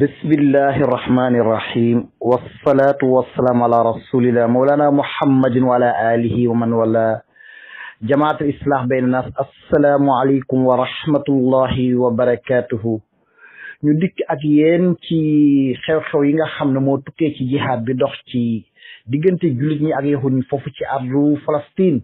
bismillahi irrahmani irrahim wassalatu wassalaamu ala rasulillah mawlana muhammadin wa ala alihi wa man wala jamaatul islah bayna nas assalaamu aleykum wa rahmatullahi wa barakatuhu ñu dikk ak yéen ci xew-xew yi nga xam ne moo tukkee ci jihaad bi dox ci diggante jullit ñi ak yahud ñi foofu ci ardu Palestine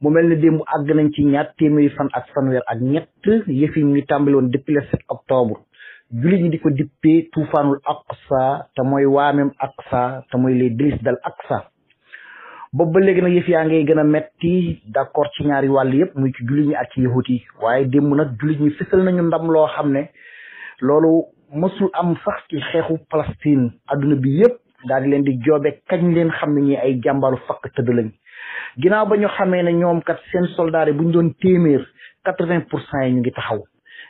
mu mel ne démb àgg nañ ci ñaar téeméeri fan ak fanweer ak ñett yëf yi ñu tàmbali woon depuis le 7 octobre jullit ñi di ko dippee tuufaanul aqsa te mooy waameem aqsa te mooy les délices dal aqsa ba ba léegi nag yëf yaa ngay gën a metti d'accord ci ñaari wàll yëpp muy ci jullit ñi ak ci yahut waaye démb nag jullit ñi fësal nañu ndam loo xam ne loolu mësul am sax ci xeexu Palestine adduna bi yëpp daal di leen di joobe kañ leen xam ne ñi ay jàmbaaru fakk tëdd lañ ginnaaw ba ñu xamee ne ñoom kat seen soldaar yi bu ñu doon téeméer quatre-vingt pour cent yi ñu ngi taxaw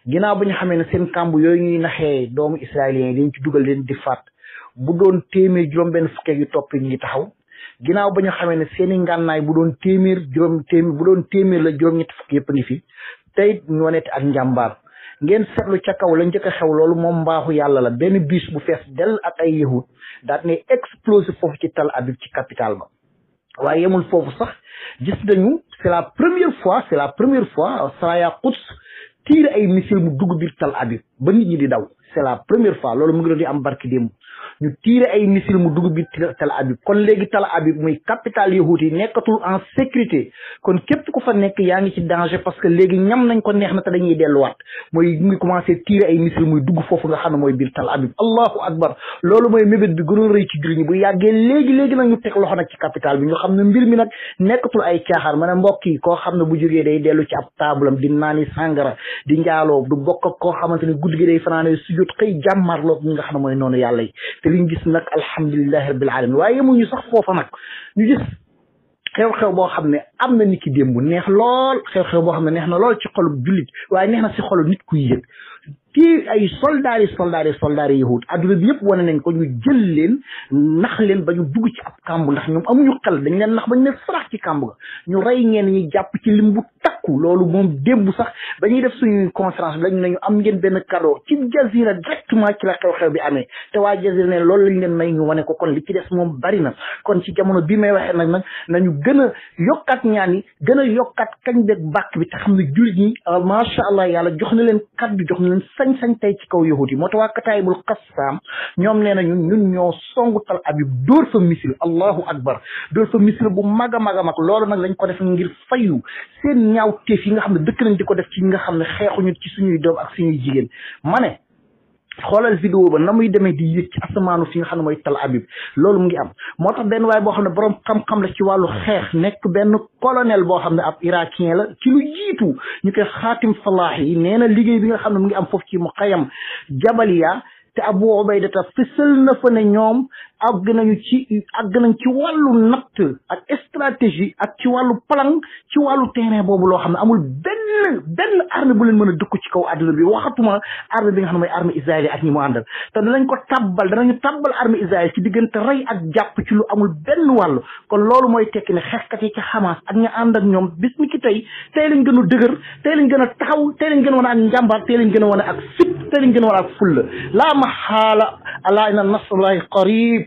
ginnaaw ba ñu xamee na seen kàmb yooyu ñuy naxee doomu israéliens yi dañ ci dugal leen di faat bu doon téeméer juróom-benn fukk yu topp ñu ngi taxaw ginnaaw ba ñu xamee ne seen i ngànnaay bu doon téeméer juróom téeméer bu doon téeméer la juróom-ñetti fukk yëpp a fi tey ñu ak njàmbaar ngeen seetlu ca kaw la njëkk a xew loolu moom mbaaxu yàlla la benn biis bu fees del ak ay yahud daal ne explosé foofu ci Tel Aviv ci capital ba waaye yemul foofu sax gis nañu c'est la première fois c'est la tiir ay missile mu dugg biir Tel Aviv ba nit ñi di daw c'est la première fois loolu mu ngi doon di am barki démb ñu tiire ay missile mu dugg bi Tel Aviv kon léegi Tel Aviv muy capitale yahuut yi nekkatul en sécurité kon képp ku fa nekk yaa ngi ci danger parce que léegi ñam nañ ko neex na te dañuy delluwaat mooy ñu ngi commencé tiire ay missile muy dugg foofu nga xam ne mooy biir Tel Aviv allahu akbar loolu mooy mébét bi gënoon rëy ci jullit ñi bu yàggee léegi léegi nag loxo nag ci capitale bi ñu xam ne mbir mi nag nekkatul ay caaxaan ma ne mbokk yi koo xam ne bu jógee day dellu ci ab taabulam di naani sàngara di njaaloo du bokk guddi gi day fanaane sujjóot xëy jàmmarloog ñi nga xam ne mooy noonu yàlla yi te liñ gis nag alhamdulilahi rabbil alamin waaye yemuñu sax foofa nag ñu xew-xew boo xam ne am na nit ki démb neex lool xew-xew boo xam ne neex na lool ci xolub jullit waaye neex na si xolu nit kuy yëg kii ay soldaari soldaari soldaari yahud adduna bi yëpp wane nañ ko ñu jël leen nax leen ba ñu dugg ci ab kàmb ndax ñoom amuñu xel dañ leen nax ba ñu ne sarax ci kàmb ñu rey ñeen jàpp ci lim bu loolu moom démb sax ba ñuy def suñuy lañ nañu am ngeen benn cadeau ci jazira directement ci la xew bi amee te waa jazira ne loolu lañ leen may ñu wane ko kon li ci des moom bari na kon ci jamono bi may waxee nag nag nañu gën a yokkaat ñaan yi gën a yokkaat kañ beeg bàkk bi te xam ne jullit ñi macha allah yàlla jox na leen kaddu jox na leen sañ-sañ tey ci kaw yi moo tax waa Kataayibul Qassam ñoom nee na ñun ñun ñoo songu Tal Abib dóor fa misil allahu akbar dóor fa misil bu mag a mag a mag loolu nag lañ ko def ngir fayu seen ñaaw teef yi nga xam ne dëkk nañ di ko def ci ñi nga xam ne xeexuñu ci suñuy doom ak suñuy jigéen ma ne xoolal vidéo ba na muy demee di yéeg ci asamaanu fi nga xam ne mooy Tel Aviv loolu mu ngi am moo tax benn waaye boo xam ne boroom xam-xam la ci wàllu xeex nekk benn colonel boo xam ne ab irakien la ci lu jiitu ñu koy xaatim salaax yi nee na liggéey bi nga xam ne mu ngi am foofu ci mu xayam ya te Abu Ubayda fësal na fa ne ñoom àgg nañu ci àgg nañ ci wàllu natt ak stratégie ak ci wàllu plan ci wàllu terrain boobu loo xam ne amul benn benn arme bu leen mën a dëkku ci kaw àdduna bi waxatuma arme bi nga xam ne mooy arme israël ak ñi mu àndal te danañ ko tabbal danañu tabbal arme israël ci diggante rey ak jàpp ci lu amul benn wàll kon loolu mooy tekki ne xeexkat yi ci Hamas ak ña ànd ak ñoom bis mi tey tey lañ gën a dëgër tey lañ gën a taxaw tey gën a wane ak njàmbaar tey lañ gën a wane ak fit tey lañ gën a wane ak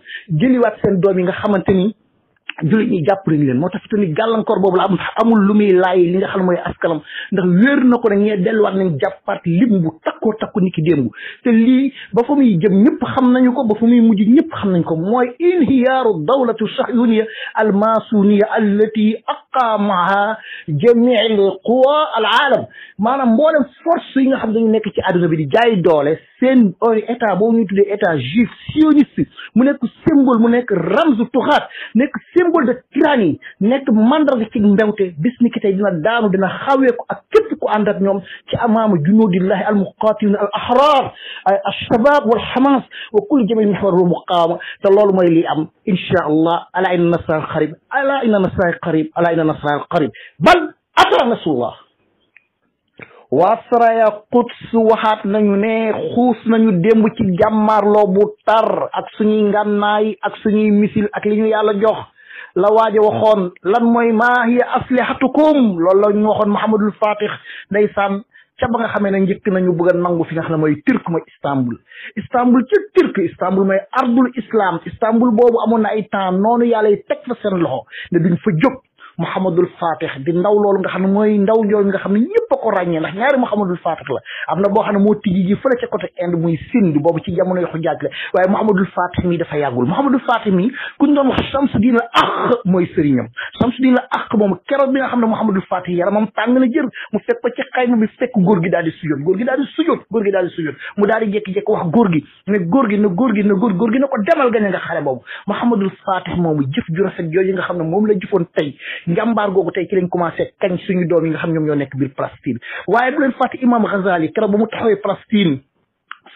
maanaam jëliwaat seen doom yi nga xamante ni jullit ñi jàpp moo tax fi tamit gàllankoor boobu la am amul lu muy laay li nga xam mooy askalam ndax wéer na ko ne ñee delluwaat nañ jàppaat lim bu takkoo takku ni ki démb te lii ba fa muy jëm ñëpp xam nañu ko ba fa muy mujj ñëpp xam nañ ko mooy inhiyaaru dawlatu sahyuniya almasuniya allati aqamaha jamii al quwa al aalam maanaam mboolem force yi nga xam dañu nekk ci àdduna bi di jaay doole seen état boobu ñuy tuddee état juif sioniste mu nekk symbole mu nekk ramzu nekk symbole de tyrannie nekk mandarga ci mbewte bis ni ki tey dina daanu dina xaweeku ak képp ku ànd ak ñoom ci amaama junudillahi al muqatilin al ahrar ay alshabab wal hamas wa kulli jamil mihwarul muqawama te loolu mooy lii am insha allah ala inna nasran qarib ala inna nasran qarib ala inna nasran qarib bal ata nasrullah waasraya quds waxaat nañu ne xuus nañu démb ci jàmmaarloo bu tar ak suñuy ngànnaay ak suñuy misil ak li ñu yàlla jox la waaja waxoon lan mooy maa hiya aslihatukum loolu la ñu waxoon Mouhamadul Fatih ndeysaan ca ba nga xamee ne njëkk nañu bëgg a nangu fi nga xam ne mooy turc mooy Istanbul Istanbul ci turc Istanbul mooy ardul islam Istanbul boobu amoon na ay temps noonu yàlla yi teg fa seen loxo ne duñ fa Mouhamadul Fatih di ndaw loolu nga xam ne mooy ndaw jooju nga xam ne ñëpp a ko ràññee ndax ñaari Mouhamadul Fatih la am na boo xam ne moo tijji ji fële ca côté Inde muy Sindh boobu ci jamono yoxu jaaj dafa yàggul Mouhamadul Fatih mi kuñ doon wax Samsudin mooy sëriñam Samsudin la ak moom keroog bi nga xam ne Mouhamadul Fatih yaramam tàng na jër mu fekk ko ci xayma bi fekk gi daal di sujjoot góor gi daal di sujjoot daal di mu daal di jékki-jékki wax góor gi ne góor gi ne góor gi ne góor góor gi ne ko demal gañe nga xare boobu Mouhamadul Fatih moomu jëf ju rafet jooju nga xam ne moom la jëfoon tey njàmbaar googu tey ci lañ commencé kañ suñu doom yi nga xam ñoom ñoo nekk biir Palestine waaye bu leen fàtte imam Ghazali keroog ba mu taxawee Palestine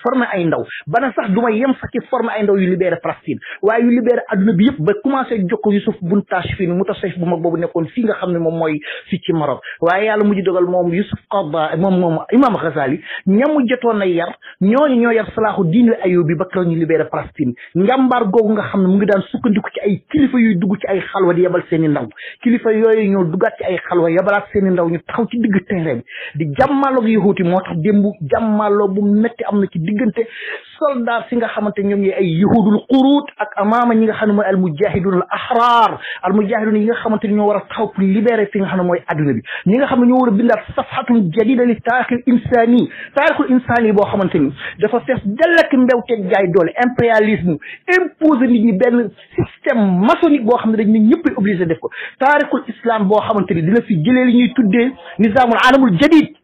former ay ndaw bana sax du ma yem fa ci former ay ndaw yu libéré Palestine waaye yu libéré adduna bi yëpp ba commencé jokko Yusuf bun Tash mu tasef bu mag boobu nekkoon fii nga xam ne moom mooy fii ci Maroc waaye yàlla mujj dogal moom Yusuf Qadda moom moom Imam Ghazali ñamu jotoon a yar ñooñu ñoo yar salaaxu diinu Ayubi ba keroog ñu libéré Palestine googu nga xam ne mu ngi daan sukkandiku ci ay kilifa yuy dugg ci ay xalwa di yebal i diggante soldat si nga xamante ñoom ñooy ay yahudul quruut ak amaama ñi nga xam ne mooy al mujahidun al ahrar al mujahidun yi nga xamante ni ñoo war a taxaw pour libérer fi nga xam ne mooy adduna bi ñi nga xam ne ñoo war a bindaat safhatun jadida li taarixil insani taarixul insani boo xamante ni dafa fees dellak mbewteeg jaay doole impérialisme imposé ni ñi benn système maçonnique boo xam ne dañ ne ñëpp obligé def ko taarixul islam boo xamante ni dina fi jëlee li ñuy tuddee a alamul jadid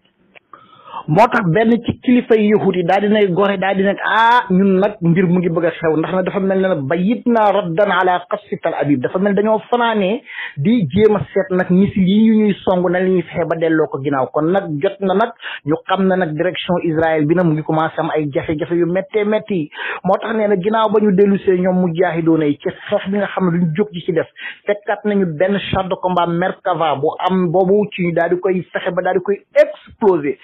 moo tax benn ci kilifa yi yahut yi daa dinay gore daa dina ah ñun nag mbir mu ngi bëgg a xew ndax na dafa mel ne bayit naa raddan ala xassi tal abib dafa mel dañoo fanaanee di jéem a seet nag misil yi song na li ñuy fexe ba delloo ko ginnaaw kon nag jot na nag ñu xam na nag direction Israël bi na mu ngi commencé am ay jafe yu méttee métti moo tax nee na ginnaaw ba ñu dellu ñoom mu jaaxidoona yi ci xeex bi nga xam ne duñ jóg ci ci def fekkat nañu benn char de combat Merkava bu am boobu ci ñu daal di koy fexe ba daal di koy exploser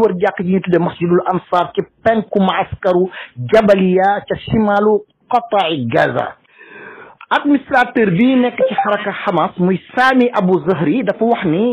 wër jàkk ji ñu tudde masjidul ansar ci penku maaskaru jabaliya ca simalu qata'i gaza administrateur bi nekk ci xaraka Hamas muy Sami Abu Zahri dafa wax ni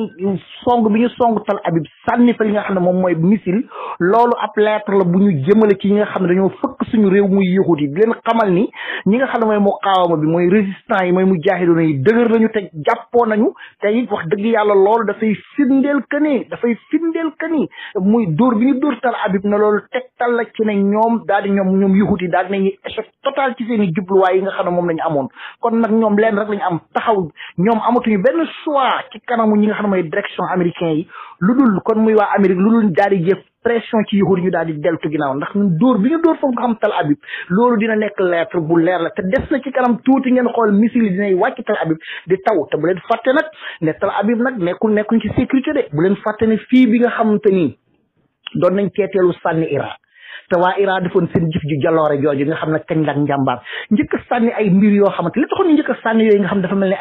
song bi ñu song Tel Aviv sànni fa li nga xam ne moom mooy missile loolu ab lettre la bu ñu jëmale ci ñi nga xam ne dañoo fëkk suñu réew muy yahut yi di leen xamal ni ñi nga xam ne mooy muqaawama bi mooy résistant yi mooy mujaahidoon yi dëgër lañu te jàppoo nañu te it wax dëgg yàlla loolu dafay firndeel que ni dafay firndeel que ni muy dóor bi ñu dóor Tel Aviv na loolu teg talla ci ne ñoom daal di ñoom ñoom yahut yi daal di nañu échec total ci seen i jubluwaay yi nga xam ne moom lañu amoon kon nag ñoom leen rek la ñu am taxaw ñoom amatuñu benn choix ci kanamu ñi nga xam ne mooy direction américain yi lu dul kon muy waa Amérique lu dul daal di jëf pression ci yahut ñu daal di deltu ginnaaw ndax ñun dóor bi ñu dóor foofu nga xam tal Aviv loolu dina nekk lettre bu leer la te des na ci kanam tuuti ngeen xool missile yi wàcc Tel Aviv di taw te bu leen fàtte nag ne Tel Aviv nag ci sécurité bu leen fàtte ne fii bi nga xamante ni doon nañ teeteelu sànni Iran te waa IRA defoon seen jëf ju jaloore jooju nga xam ne kañ la ak njàmbaar sànni ay mbir yoo xamante li taxoon ñu njëkk a sànni yooyu nga xam dafa mel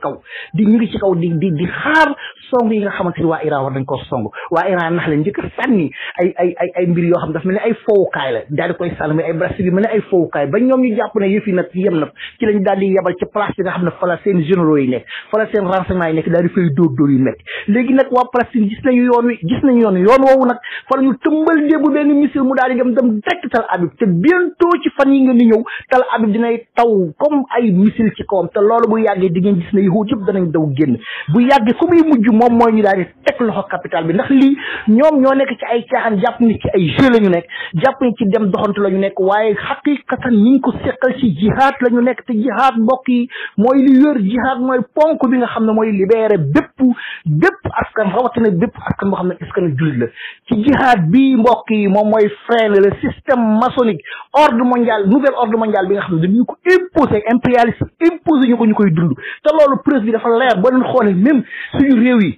kaw di ñu ngi di di di yi nga xamante ni waa IRA war nañ koo song waa IRA nax leen a sànni ay ay ay ay yoo xam dafa mel ni ay fowukaay la daal di koy sànni ay brasi bi mel ni ay fowukaay ba ñoom ñu jàpp ne yëf yi nag yem na ci lañ daal di yebal ci place ne fa la seen généraux yi nekk fa la seen léegi nag waa Palestine bi gis nañu yoon wi gis nañu yoon woowu nag fa ñu tëmbal démb benn misil mu daal di dem dem direct Tel Aviv te bientôt ci fan yi ngeen di ñëw Tel Aviv dinay taw comme ay misil ci kawam te loolu bu yàggee di ngeen gis ne yahut yëpp danañ daw génn bu yàggee ku muy mujj moom mooy ñu daal di teg loxo capital bi ndax lii ñoom ñoo nekk ci ay caaxaan jàpp ni ci ay jeu la ñu nekk jàpp ni ci dem doxantu lañu ñu nekk waaye xaqiqatan ni ñu ko seqal ci jihaad la ñu nekk te jihaad mbokk yi mooy li wér jihaad mooy ponk bi nga xam ne mooy libéré bépp bépp askan rawatina bépp askan boo xam ne askan jullit la ci jihaad bii mbokk yi moom mooy freiné le système maçonnique ordre mondial nouvel ordre mondial bi nga xam ne dañu ko imposé impérialiste imposé ñu ko ñu koy dund te loolu preuve bi dafa leer boo leen xoolee même suñu réew yi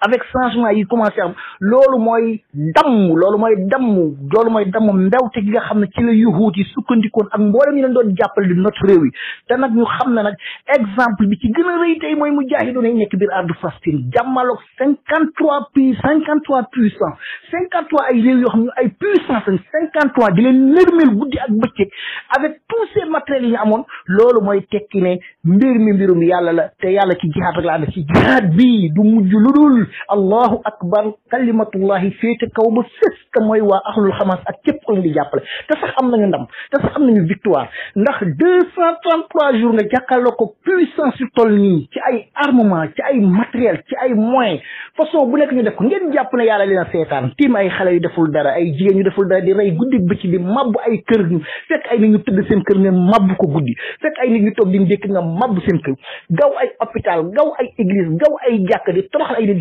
avec changement yi commencé am loolu mooy damm loolu mooy damm loolu mooy damm mbewte gi nga xam ne ci la yuhuut yi sukkandikoon ak mboolem ñu leen doon jàppale di notre réew yi te nag ñu xam ne nag exemple bi ci gën a rëy tey mooy mu jaaxi doon nekk biir ardu Palestine jàmmaloog cinquante trois pays cinquante trois puissance cinquante trois ay réew yoo xam ne ay puissance lañ cinquante trois di leen nërmeel guddi ak bëccëg avec tous ces matériels yi amoon loolu mooy tekki ne mbir mi mbirum yàlla la te yàlla ci jihaad la ànd kul allahu akbar kalimatullahi féete kaw ba fés te mooy waa ahlul xamaas ak képp ku leen di jàppale te sax am nañu ndam te sax am nañu victoire ndax deux cent trente trois jours nga jàkkaarloo ko puissance yu toll nii ci ay armement ci ay matériel ci ay moyens façon bu nekk ñu def ko ngeen jàpp na ne yàlla leen a seetaan tiim ay xale yu deful dara ay jigéen yu deful dara di rey guddi bëcc di mabbu ay kër ñu fekk ay nit ñu tëdd seen kër ngeen mabbu ko guddi fekk ay nit ñu toog di ndékk nga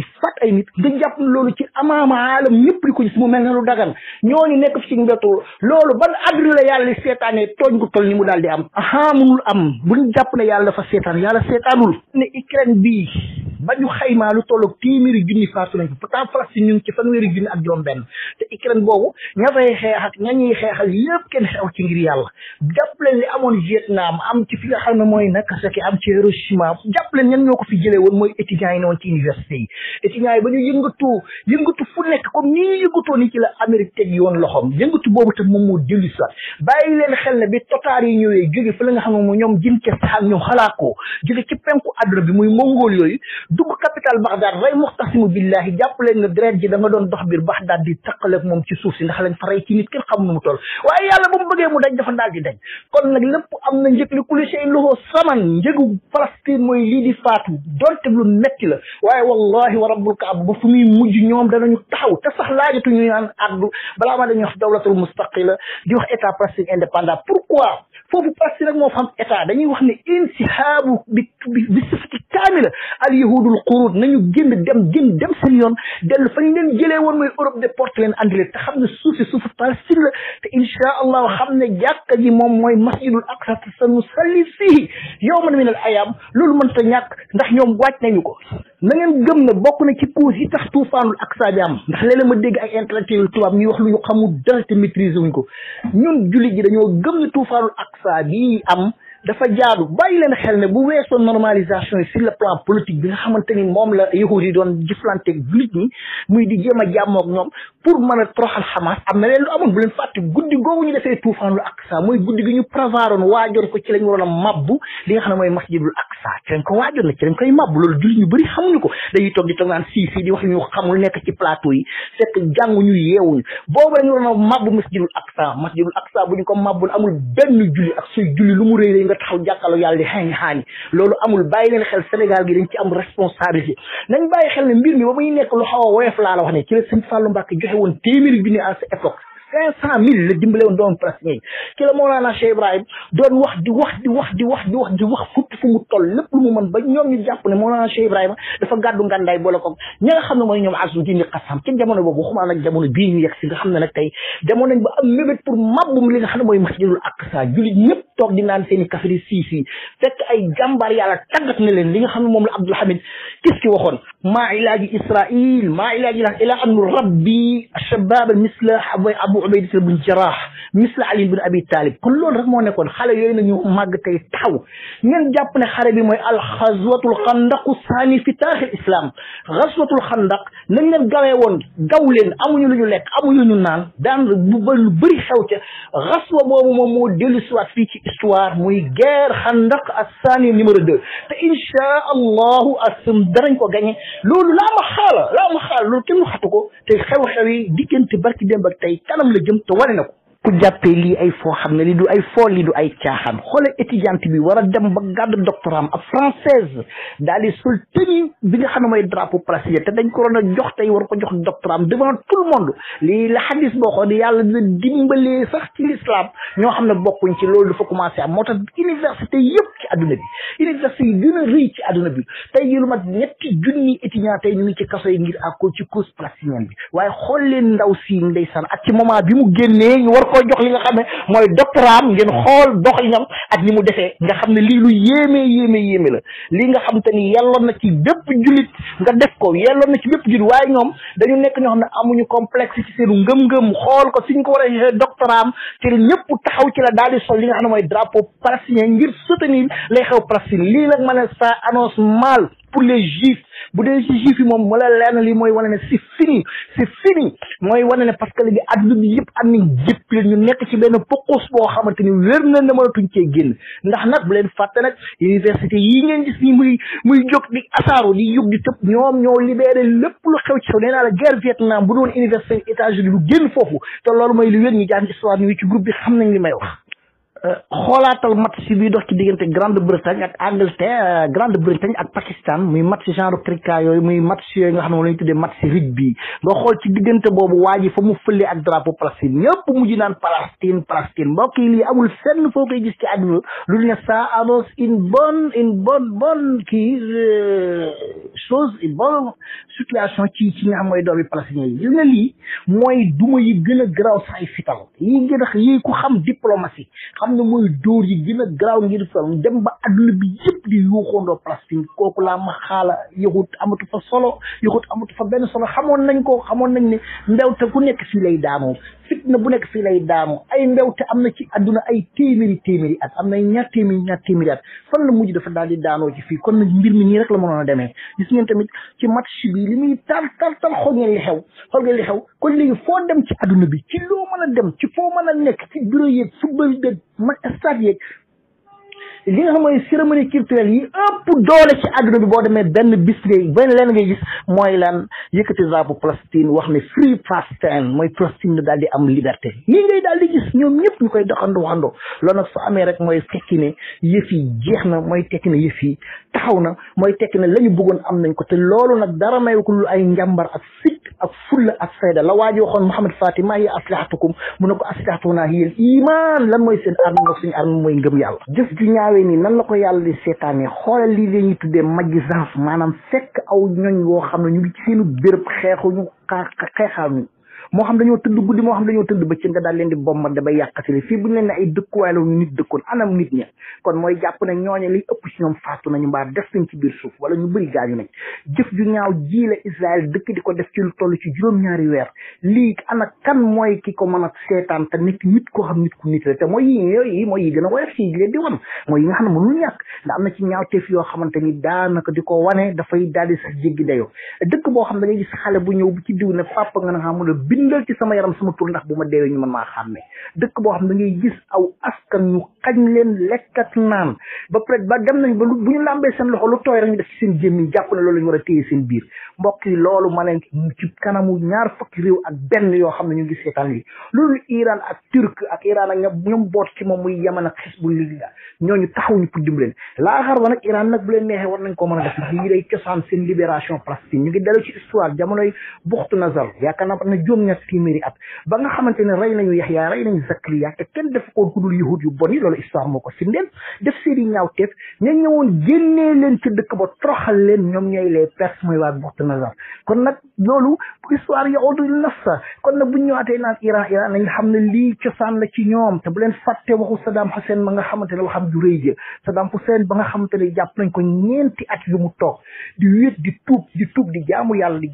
di fat ay nit da jàpp loolu ci amaama aalam ñëpp di ko gis mu mel lu dagan ñooñu nekk fi ci mbetu loolu ban addu la yàlla li seetaanee tooñ gu tol ni mu daal di am ahaa munul am bu jàpp ne yàlla fa seetaan yàlla seetaanul ne Ukraine bii ba ñu xaymaa lu tolloog téeméeri junni faatu nañ ko pourtant Palestine ñu ngi ci fanweeri junni ak juróom-benn te Ukraine boobu ña fay xeex ak ña ñuy xeexal yëpp kenn xew ci ngir yàlla jàpp leen li amoon Vietnam am ci fi nga xam ne mooy Nagasaki am ci Hiroshima jàpp leen ñan ñoo ko fi jëlee woon mooy étudiants yi ne ci université yi étudiants yi ba ñu yëngatu yëngatu fu nekk comme ni ñu yëngatoo ci la Amérique teg yoon loxoom yëngatu boobu tam moom moo dellu si bàyyi leen xel ne bi totaar yi ñëwee jóge fa la nga ñoom jëm ca ñoom ko jóge ci penku bi muy mongol yooyu dugg capital Baxdaad rey muxtasimu billahi jàpp leen ne deret ji da nga doon dox biir Baxdaad di taqaleeg moom ci suuf si ndax lañ fa rey ci nit xam nu mu toll waaye yàlla ba mu bëggee mu daj dafa daal di daj kon nag lépp am na njëg li kulli shay lahu saman njëgu Palestine mooy lii di faatu donte lu metti la waaye wallahi wa rabbul kaaba ba fu muy mujj ñoom danañu taxaw te sax laajatu ñu naan addu balaa ma dañuy wax dawlatul mustaqila di wax état Palestine indépendant pourquoi foofu Palestine rek moo fa am état dañuy wax ne dul xuruut nañu génn dem génn dem yoon dellu fa ñu leen jëlee woon mooy Europe de porte leen andi leen te xam ne suuf si suufu Palestine la te incha allah xam ne jàkka ji moom mooy masjidul aqsa te sa nu salli fii yawman min al ayaam mën mënta ñàkk ndax ñoom wàcc nañu ko na ngeen gëm ne bokk na ci cause yi tax tuufaanul aqsa bi am ndax léeg ma dégg ay intellectuel tubaab ñuy wax lu ñu xamul dara te maîtriser wuñ ko ñun jullit ji dañoo gëm ne tuufaanul aqsa bi am dafa jaadu bàyyi leen xel ne bu weesoo normalisation yi sur le plan politique bi nga xamante ni moom la yahuud yi doon jëflanteeg jullit ñi muy di jéem a jàmmoog ñoom pour mën a toroxal Hamas am na leen lu amoon bu leen fàtte guddi googu ñu defee tuufaanul Aqsa mooy guddi gi ñu prévaroon waajoon ko ci lañ waroon a mabbu li nga xam ne mooy masjidul Aqsa ci lañ ko waajoon na ci lañ koy mabbu loolu jullit ñu bëri xamuñu ko dañuy toog di toog naan sii sii di wax ñu xamul nekk ci plateau yi fekk jànguñu yeewuñu boobu lañ waroon a mabbu masjidul Aqsa masjidul Aqsa bu ñu ko mabbul amul benn julli ak lu mu rëy nga taxaw jàkkaarloo yàlla di xëy xaani loolu amul bàyyi leen xel Sénégal gi dañ ci am responsabilité nañ bàyyi xel ne mbir mi ba muy nekk lu xaw a woyof laa la wax ne ci la sëñ joxe woon téeméeri bi ne à époque cinq cent mille la dimbale woon doomu palestinien yi ki la Mawlana Cheikh Ibrahim doon wax di wax di wax di wax di wax di wax futti fu mu toll lépp lu mu mën ba ñoom ñu jàpp ne Mawlana Cheikh Ibrahima dafa gàddu ngàndaay boole ko ña nga xam ne mooy ñoom asu dini xasam ca jamono boobu waxuma nag jamono bii ñu yegg si nga xam ne nag tey demoon nañ ba am mébét pour màbbum li nga xam ne mooy masjidul aqsa jullit ñëpp toog di naan seen i kafiri sii sii fekk ay jàmbaar yàlla tàggat na leen li nga xam ne moom la Abdul Hamid kis ki waxoon maa ilaaji israil maa ilaaji ilaa annu rabbi shabab al mislah abu Ubaydah bun Jaraax misla Ali bin Abi Talib kon loolu rek moo nekkoon xale yooyu nañu màgg tey taxaw ngeen jàpp ne xare bi mooy alxaswatul xandaqu saani fi taarixil islam xaswatul xandaq nañ leen gawee woon gaw leen amuñu lu ñu lekk amuñu ñu naan daan bu ba lu bëri xew ca xaswa boobu moom moo dellu siwaat fii ci histoire muy guerre xandaq ak saani numéro deux te incha allahu asum danañ ko gañe loolu laa ma xaala laa ma xaala loolu kenn waxatu ko te xew-xew yi diggante barki démb ak tey kanam la jëm te wane na ko ku jàppee lii ay foo xam ne lii du ay foo lii du ay caaxaan xoolal étudiante bi war dem ba gàdd doctoram ak française daal di sol bi nga xam ne mooy drapeau palestinien te dañ ko waroon jox tey war ko jox doctoram devant tout le monde lii la xadis boo xoon yàlla dina dimbalee sax ci l'islam ñoo xam ne bokkuñ ci loolu dafa commencé am moo tax université yëpp ci àdduna bi université yi gën a ci àdduna bi tey yi lu mat ñetti junni étudiant tey ñu ngi ci kaso yi ngir àkko ci cause palestinienne bi waaye xool ci moment bi mu koo jox li nga xam ne mooy doctoraam ngeen xool dox doxalinam ak ñi mu defee nga xam ne lii lu yéemee yéeme yéeme la lii nga xam te ni yelloon na ci bépp jullit nga def ko yelloon na ci bépp jullit waaye ñoom dañu nekk ñoo xam ne amuñu complexe ci seenu ngëm-ngëm xool ko ñu ko war a joxe doctoraam ci la taxaw ci la daal di sol li nga xam ne mooy drapeau palestinien ngir soutenir lay xew Palestine lii nag ma ne ça annonce mal pour le juifs bu dee ci juifs yi moom ma la leer na li mooy wane na c'est fini c'est fini mooy wane ne parce que léegi adduna bi yëpp am nañ jëpp leen ñu nekk ci benn pokos boo xamante ni wér na ne mënatuñ cee génn ndax nag bu leen fàtte nag université yi ngeen gis ni muy muy jóg di asaaru di yug di tëb ñoom ñoo libéré lépp lu xew ci xew nee naa la guerre Vietnam bu doon université États-Unis bu génn foofu te loolu mooy lu wér ñu jàng histoire ñu ci groupe bi xam nañ li may wax Euh, xoolaatal match si biy dox ci diggante Grande-Bretagne ak Angleterre euh, Grande-Bretagne ak Pakistan muy match genre cricket yooyu muy match yooyu nga xam ne moom la ñu tuddee match rugby nga xool ci diggante boobu waa ji fa mu fële ak drapeau Palestine mu ji naan Palestine Palestine mbokk yi lii amul fenn foo koy gis ci àdduna lu ne sa annonce une bonne une bonne bonne kii euh, chose une bonne situation ci ci nga xam mooy doomi palestinien yi gis nga lii mooy duma yi gën a garaaw a yii xam ne mooy dóor yi gën a ngir sol dem ba adduna bi yëpp di yuuxoondoo Palestine kooku laa ma xaala yëxut amatu fa solo yëxut amut fa benn solo xamoon nañ ko xamoon nañ ne mbewte ku nekk si lay daanoo fitna bu nekk fii lay daanu ay te am na ci àdduna ay téeméeri téeméeri at am na ñaar téeméeri ñaar téeméeri at fan la mujj dafa daal di daanoo ci fii kon nag mbir mi nii rek la mënoon a demee gis ngeen tamit ci match bi li muy tar tar tar xool ngeen li xew xool ngeen li xew kon léegi foo dem ci adduna bi ci loo mën a dem ci foo mën a nekk ci bureau yeeg football ma stade yeeg li nga xam mooy cérémonie culturelle yi ëpp doole ci àdduna bi boo demee benn bis ngay benn leen ngay gis mooy lan yëkkati drapeau Palestine wax ni free Palestine mooy Palestine daal di am liberté lii ngay daal di gis ñoom ñëpp ñu koy doxandu waxandoo loolu nag su amee rek mooy tekki ne yëf yi jeex na mooy tekki ne yëf yi taxaw na mooy tekki ne la ñu am nañ ko te loolu nag dara may ko lu ay njàmbar ak fit ak fulla a fayda la waa ji waxoon Mouhamed Fatima yi aslihatukum mu ko aslihatukum naa yéen iman lan mooy taxawee nii nan la ko yàlla di seetaanee xoolal lii la ñuy tuddee magistance maanaam sekk aw ñooñ woo xam ne ñu ngi ci seenu béréb xeexuñu xeexaanu moo xam dañoo tëdd guddi moo xam dañoo tëdd bëccëg nga daal leen di bombardé ba yàqatali fii bu ñu leen ne ay dëkkuwaay la nit dëkkoon anam di ko def ci lu toll ci juróom-ñaari weer lii ana mooy ki ko mën a seetaan te nit nit koo xam nit ku nit la te mooy yi yooyu mooy yi gën a woyof si xam ne mënul ñàkk ndax ci ñaawteef yoo xamante ni daanaka di ko wane dafay daal di sax jéggi dayoo dëkk boo xam da ngay gis xale bu ñëw bu ci diw ne papa nga na xam ne ah, bindal ci sama yaram sama tur ndax bu ma deewee ñu mën maa xàmme dëkk boo xam da ngay gis aw askan ñu xañ leen naan ba peut ba dem nañ ba bu ñu làmbee seen loxo lu tooy rek ñu def ci seen gémmiñ jàpp ne ñu war a téye seen biir mbokk yi loolu ma leen ci kanamu ñaar fukki réew ak benn yoo xam ne ñu ngi seetaan lii loolu Iran ak Turc ak Iran ak ñoom boot ci moom muy Yaman ak Hizbullah ñooñu taxawuñu pour dimbaleen laaxar wa nag Iran nag bu leen neexee war nañ ko mën a def lii day cosaan seen libération ñu ngi dellu ci histoire jamonoy buxtu nazar yaakaar ñaar téeméeri at ba nga xamante rey nañu yaxyaa rey nañu zakariya te kenn def koon ku dul yahud yu bon loolu histoire moo ko sindeel def seeni ñaaw teef ña ñëwoon génnee leen ci dëkk ba troxal leen ñoom ñooy les mooy waa Buxtu Nasar kon kon nag bu ñu naan Iran Iran nañ xam ne lii cosaan la ci ñoom te bu leen fàtte waxu Saddam Hussein ma nga xamante ne waxam ju rëy ja Saddam Hussein ba nga xamante ne jàpp nañ ko ñeenti at yu mu toog di wéet di tuub di tuub di jaamu yàlla di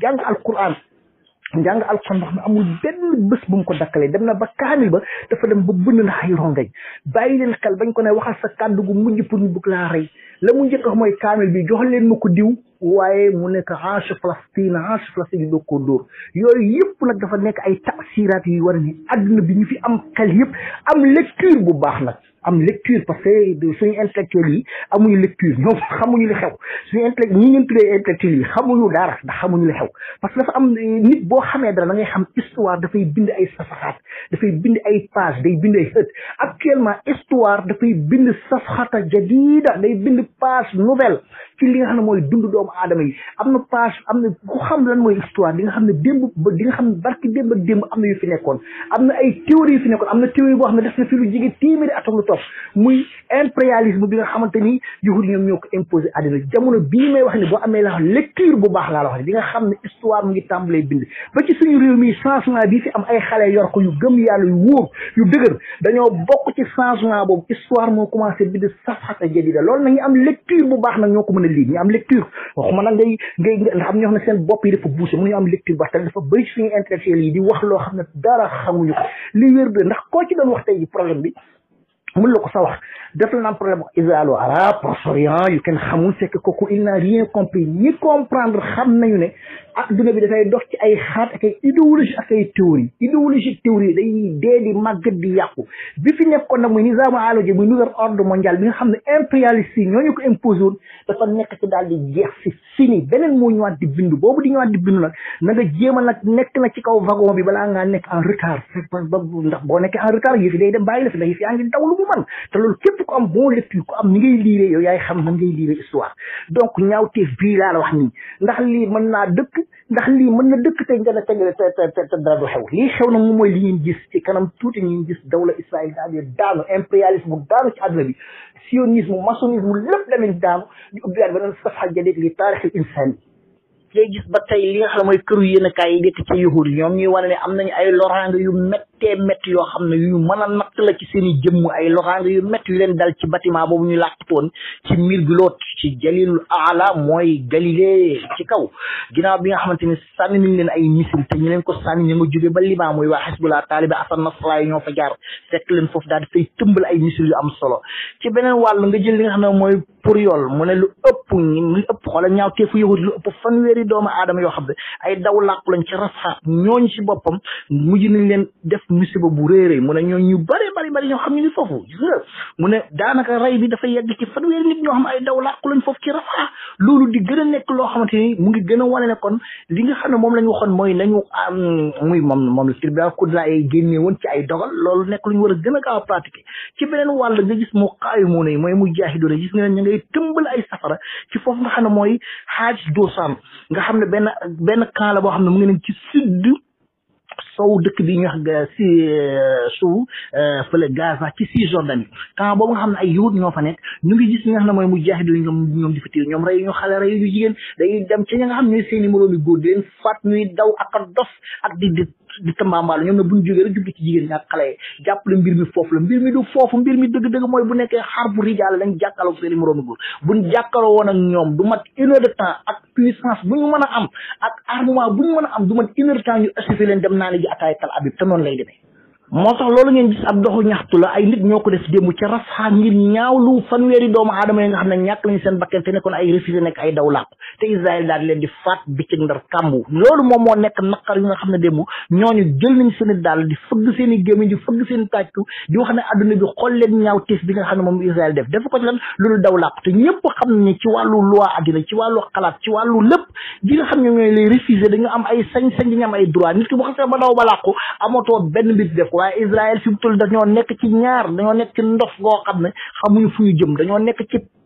njàng alxuraan wax ne amul benn bés bu mu ko dakkalee dem na ba kaamil ba dafa dem ba bënn na ay rongañ bàyyi leen xel bañ ko ne waxal sa kàddu gu mujj pour ñu bëgg laa rey la mu njëkk wax mooy kaamil bi jox leen ma ko diw waaye mu nekk ange Palestine ange Palestine ñu doog ko door yooyu yëpp nag dafa nekk ay taasiraat yu war ni àdduna bi ñu fi am xel yëpp am lecture bu baax nag am lecture parce que suñu intellectuels yi amuñu lecture ñoom xamuñu ñu xew suñu intellect ñi ngeen tuddee intellectuels yi xamuñu dara ndax xamuñu li xew parce que dafa am nit boo xamee dara da ngay xam histoire dafay bind ay safaxaat dafay bind ay page day bind ay xët actuellement histoire dafay bind safaxaata jadida day bind page nouvelle ci li nga xam ne mooy dund doomu aadama yi am na page am na ku xam lan mooy histoire di nga xam ne démb di nga xam ne barki démb ak am na yu fi nekkoon am na ay théorie boo xam ne def na fi lu jige téeméeri topp muy impérialisme bi nga xamante ni yahud ñoom ñoo ko imposé àddina jamono bii may wax ni boo amee la lecture bu baax laa la wax ni di nga xam ne histoire mu ngi tàmbalee bind ba ci suñu réew mi changement bii fi am ay xale yor ko yu gëm yàlla yu wóor yu dëgër dañoo bokk ci changement boobu histoire moo commencé bind safhata jadida loolu nag ñu am lecture bu baax nag ñoo ko mën a lii ñu am lecture waxuma nag ngay ngay nga xam ñoo xam ne seen bopp yi dafa buuse mënuñu am lecture bu baax wax loo xam ne dara xamuñu bi mun la ko sa wax def la naan problème isaalu arab proche-orient yu kenn xamul c'est que kooku il n'a rien compris ñi comprendre xam nañu ne adduna bi dafay dox ci ay xaat ak ay idéologie ak ay théorie idéologie théorie day dee di màggat di yàqu bi fi nekkoon nag muy nizaamu alaji muy nouvel ordre mondial bi nga xam ne impérialiste yi ñooñu ko imposé woon dafa nekk ci daal di jeex si fini beneen moo ñëwaat di bindu boobu di ñëwaat di bindu nag na nga jéem a nag nekk na ci kaw wagon bi balaa ngaa nekk en ndax boo nekkee dem bàyyi fi ndax yëfi loolu te ku am bon lecture ku am ni ngay liiree yow yaay xam nan ngay liiree histoire donc ñaawteef bii laa la wax nii ndax lii mën naa dëkk ndax lii mën na dëkk te nga ne te te te dara du xew lii xew na moom mooy li ngeen gis ci kanam tuuti ngeen gis dawla Israël daanu daanu impérialisme daanu ci àdduna bi sionisme maçonisme lépp danañ daanu ñu ubbiwaat beneen safa jadid li taarixil insaan yi ngay gis ba tey li nga xam ne mooy këru yéen a kaay yi nekk ci yahud ñoom ñuy wane ne am nañu ay loraange méttee métti yoo xam ne yu mën a natt la ci seen i jëmm ay loraange yu métti yu leen dal ci bâtiment boobu ñu làqatoon ci miir bi loot ci jalilul aala mooy Galilée ci kaw ginnaaw bi nga xamante ni sànni nañ leen ay misil te ñu leen ko sànni ñu nga jóge ba limaa muy waa xisbulaa taaliba asan nasra yi ñoo fa jaar fekk leen foofu daal di fay tëmbal ay misil yu am solo ci beneen wàll nga jël nga xam ne mooy pour yool mu ne lu ëpp lu ëpp xoolal ñaaw teefu lu ëpp fanweeri doomu aadama yoo xam ne ay daw làqu lañ ci rafa ñooñ ci boppam mujj nañ leen def mu musiba bu réeréy mu ne ñoo ñu bari bari bari ñoo xam ñu ngi foofu gis mu daanaka rey bi dafa yegg ci fanweeri nit ñoo xam ay daw làqu lañ foofu ci Rafah loolu di gën a nekk loo xamante ni mu ngi gën a wane ne li nga xam ne moom la ñu waxoon mooy nañu am muy moom moom la tribunal Kudra yi génnee woon ci ay dogal loolu nekk lu ñu war a gën a gaaw a pratiquer ci beneen wàll nga gis mu xaayimoona yi mooy mu jaahidoona gis nga ne ñu ngay tëmbal ay safara ci foofu nga xam ne mooy Haaj Dosaan nga xam ne benn benn camp boo xam ne mu ngi ne ci sud sow dëkk bi ñu wax ga si euh, suuf euh, fële Gaza ci Cisjordanie camp boobu nga xam ne ay yahud ñoo fa nekk ñu ngi gis ñi nga xam ne mooy mujaahiid ñoom ñoom di fa tiir ñoom rey ñu xale rey ñu jigéen dañuy dem ci ñi nga xam ñooy seen i moroom yi góor di leen faat ñuy daw ak a dof ak di di di tambaambaalu ñoom ne buñ a rek jubli ci jigéen ñi ak xale yi jàppale mbir mi foofu la mbir mi du foofu mbir mi dëgg-dëgg mooy bu nekkee xar bu rijaale lañ jàkkaloo seen i moroomi góor buñ jàkkaloo woon ak ñoom du mat une heure de temps ak puissance bu ñu mën a am ak armement bu ñu mën am du mat une heure de temps ñu assurer leen dem naa ne ji ataay tal abib te noonu lay demee moo tax loolu ngeen gis ab doxu ñaxtu la ay nit ñoo ko def démb ca Rafah ngir ñaawlu fanweeri doomu aadama yi nga xam ne ñàkk nañu seen bakkan te nekkoon nekk ay daw làqu te Israël daal di loolu moom moo nekk naqar yu nga xam ne démb ñooñu jël nañ daal di fëgg seen i gémmiñ di fëgg seen i tàccu di wax ne adduna bi xool leen ñaaw tiis bi nga xam ne moom Israël def def ko ci lan loolu daw làqu te ñëpp xam ne ci wàllu loi addina ci wàllu xalaat ci wàllu lépp gi nga xam ne ñooy lay refusé dañu am ay sañ-sañ dañu am ay droit nit ki bu xasee benn mbir def waaye Israël fi mu toll dañoo nekk ci ñaar ñoo nekk ci ndof goo xam ne xamuñu fu ñu jëm dañoo nekk ci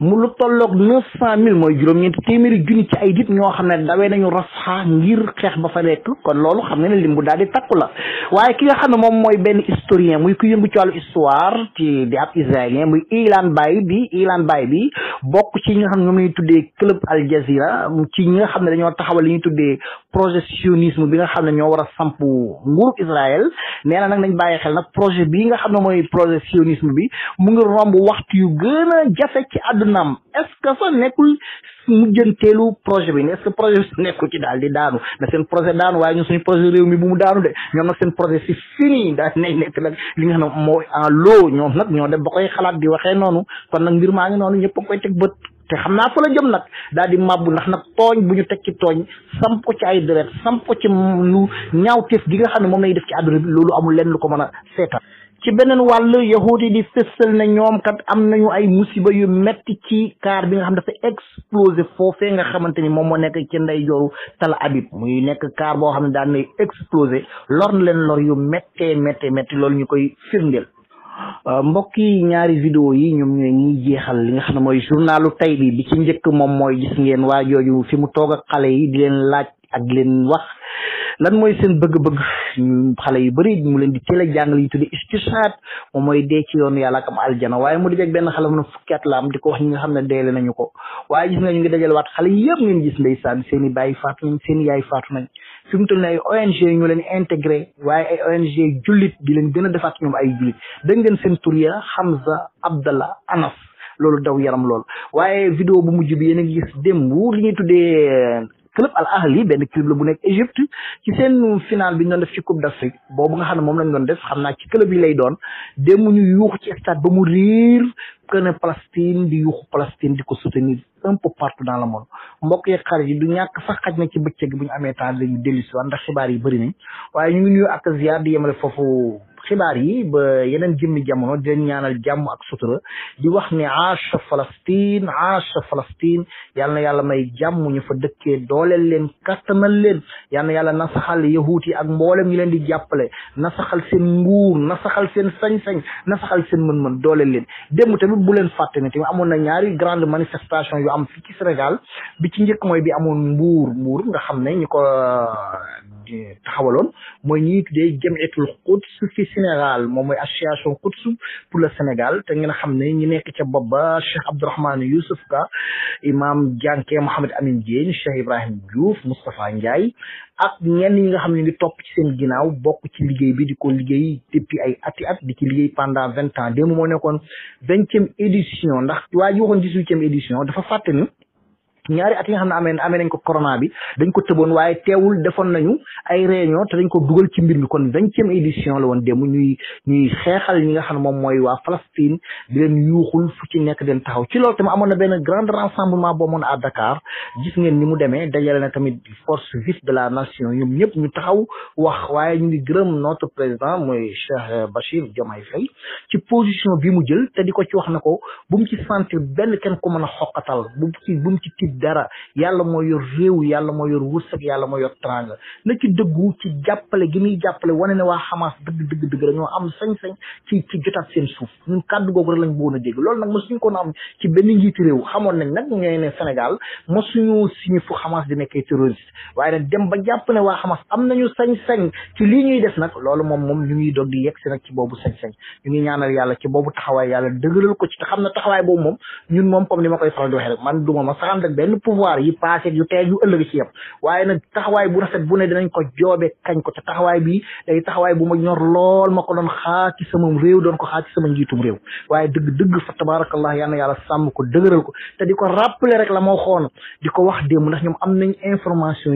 mu lu tolloog neuf cent mille mooy juróom-ñeenti téeméeri junni ci ay ñoo xam ne dawee nañu rasxa ngir xeex ba fa nekk kon loolu xam nga ne lim bu daal di takku la waaye ki nga xam ne moom mooy benn historien muy ku yëngu ci wàllu histoire ci di ab israélien muy Ilan Bay bi Ilan Bay bi bokk ci ñi nga xam ne ñoom lañuy tuddee club Al Jazeera ci ñi nga xam ne dañoo taxawal li ñuy tuddee projet sionisme bi nga xam ne ñoo war a samp nguurub Israël nee na nag nañ bàyyi xel nag projet bii nga xam ne mooy projet sionisme bi naam est-ce que fa nekkul mujjanteelu projet bi est-ce que projet bi nekkul ci daal di daanu na seen projet daanu waaye ñun suñu projet réew mi bu mu daanu de ñoom na seen projet si fini daa nañ nekk nag li nga xam mooy en ñoom nag ñoo dem ba koy xalaat di waxee noonu kon nag mbir maa ngi noonu ñëpp a koy teg bët te xam naa fa la jëm nag daal di màbbu ndax nag tooñ bu ñu teg ci tooñ samp ci ay deret samp ci lu ñaawteef gi nga xam ne moom lay def ci àdduna bi loolu amu leen lu ko mën a seetal ci beneen wàll yahuud yi di fësal ne ñoom kat am nañu ay musiba yu metti ci kaar bi nga xam dafa explosé foofee nga xamante ni moom moo nekk ci nday joru Tel Aviv muy nekk kaar boo xam ne daan nay explosé lor na leen lor yu méttee méttee métti loolu ñu koy firndeel euh, mbokk yi ñaari vidéo yi ñoom ñooy ñuy jeexal li nga xam ne mooy journalu tey bi bi ci njëkk moom mooy gis ngeen waa jooju fi mu toog ak xale yi leen laaj ak leen wax lan mooy seen bëgg-bëgg xale yu bëri mu leen di teel a jàngal yu tudde istisaat moom mooy dee yoon yoonu yàlla aljana waaye mu di jeg benn xale mu fukki at la am di ko wax ñi nga xam ne deele nañu ko waaye gis nga ñu ngi dajal waat xale yëpp ngeen gis ndeysaan seen i bàyyi faatu nañ seen i yaay waaye ay ONG jullit di leen gën a defaat ñoom ay jullit dégg ngeen seen tur ya Hamza Abdallah Anas loolu daw yaram lool waaye vidéo bu mujj bi yéen a ngi gis démb li ñuy tuddee club Al Ahli benn club la bu nekk Égypte ci seen final bi ñu doon def ci Coupe d'Afrique boobu nga xam ne moom doon def xam naa ci club yi lay doon dem ñu yuux ci stade ba mu riir que di yuuxu Palestine di ko soutenir un peu partout dans le monde mbokk yi xarit yi du ñàkk sax xaj na ci bëccëg bu ñu amee temps dañu dellusi waat ndax xibaar yi bëri nañ waaye ak ziar di yemale xibaar yi ba yeneen jëmmi jamono deen ñaanal jàmm ak sutura di wax ne aasha Palestine aasha Palestine yal na yàlla may jàmm ñu fa dëkkee dooleel leen kattanal leen yal na yàlla nasaxal yahuut yi ak mboolem ñu leen di jàppale nasaxal seen nguur nasaxal seen sañ-sañ nasaxal seen mën-mën dooleel leen démb tamit bu leen fàtte ti amoon na ñaari grande manifestation yu am fii Sénégal bi ci njëkk mooy bi amoon mbuur mbuur nga xam ne ñu ko euh, taxawaloon mooy ñuy tuddee jamiatul Sénégal moom mooy association Koutsou pour le Sénégal te ngeen a xam ne ñi nekk ca bopp ba Cheikh Abdourahmane Youssouf Ka Imam Dianké Mohamed Amin Diène Cheikh Ibrahim Diouf Moustapha Ndiaye ak ñenn ñi nga xam ne ñu ngi topp ci seen ginnaaw bokk ci liggéey bi di ko liggéey depuis ay ati at di ci liggéey pendant vingt ans démb moo nekkoon vingtième édition ndax waa ji waxoon dix-huitième édition dafa fàtte ni ñaari at yi nga xam ne amee amee nañ ko corona bi dañ ko tëboon waaye teewul defoon nañu ay réunion te dañ ko dugal ci mbir mi kon vingtième édition la woon démb ñuy ñuy xeexal ñi nga xam ne moom mooy waa Palestine di leen yuuxul fu ci nekk den taxaw ci lool tamit amoon na benn grand rassemblement boo moon à Dakar gis ngeen ni mu demee dajale na tamit force vive de la nation ñoom ñëpp ñu taxaw wax waaye ñu ngi gërëm notre président mooy Cheikh Bachir Diomaye Faye ci position bi mu jël te di ko ci wax na ko bu mu ci sentir kenn ku mën a xoqatal bu mu ci bu dara yàlla moo yor réew yàlla moo yor wërsëg yàlla moo yor tranga na ci dëggu ci jàppale gi muy jàppale wane ne waa Hamas dëgg dëgg dëgg dañoo am sañ-sañ ci ci jotaat seen suuf ñun kàddu googu rek lañ a nag mosuñu ko na am ci benn njiiti réew xamoon nañ nag ñooy ne Sénégal mosuñu signé fu Hamas di nekkee terroriste waaye dem ba jàpp ne waa Hamas am nañu sañ-sañ ci lii ñuy def nag loolu moom moom ñu ngi doog di yegg si nag ci boobu sañ-sañ ñu ngi ñaanal yàlla ci boobu taxawaay yàlla dëgëral ko ci te xam na taxawaay moom ñun ni ma koy faral man duma ma saxaan rek benn pouvoir yi passé yu tey yu ëllëg ci yëpp waaye nag taxawaay bu rafet bu ne dinañ ko joobe kañ ko te taxawaay bi day taxawaay bu ma ñor lool ma ko doon xaar ci sama réew doon ko xaar ci sama njiitum réew waaye dëgg dëgg fa tabaarakallah yal na yàlla sàmm ko dëgëral ko te di ko rappeler rek la moo xoon di ko wax démb ndax ñoom am nañ information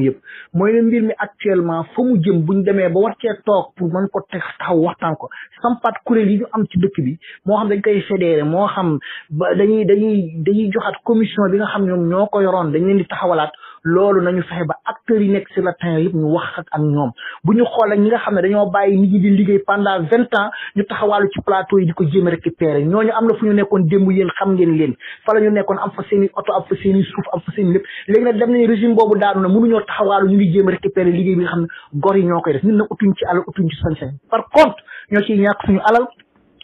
moo xam dañ koy fédéré moo xam commission bi nga xam ñoom ñoo ko ko yoroon dañ leen di taxawalaat loolu nañu fexe ba acteurs yi nekk sur le terrain yëpp ñu wax ak ñoom bu ñu xool ñi nga xam ne dañoo bàyyi nit ñi di liggéey pendant vingt ñu a am na fu ñu nekkoon démb yéen xam ngeen leen fa la ñu nekkoon am fa seen i oto am fa seen suuf am fa seen i léegi nag dem nañ régime boobu daanu na mënuñoo taxawaalu ñu ngi jéem a récupérer liggéey bi nga xam ne gor yi ñoo koy def ñun nag utuñ ci alal utuñ ci sañ-sañ par contre ñoo ciy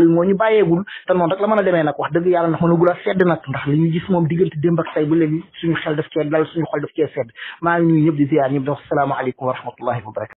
national bi moo ñu bàyyeegul te noonu rek la mën a demee nag wax dëgg yàlla ndax mën agul a sedd nag ndax li ñu gis moom diggante démb ak say ba léegi suñu xel daf cee dal suñu xol daf cee sedd maa ngi nuyu ñëpp di ziar ñëpp donc salaamaaleykum wa rahmatullahi wa barakatu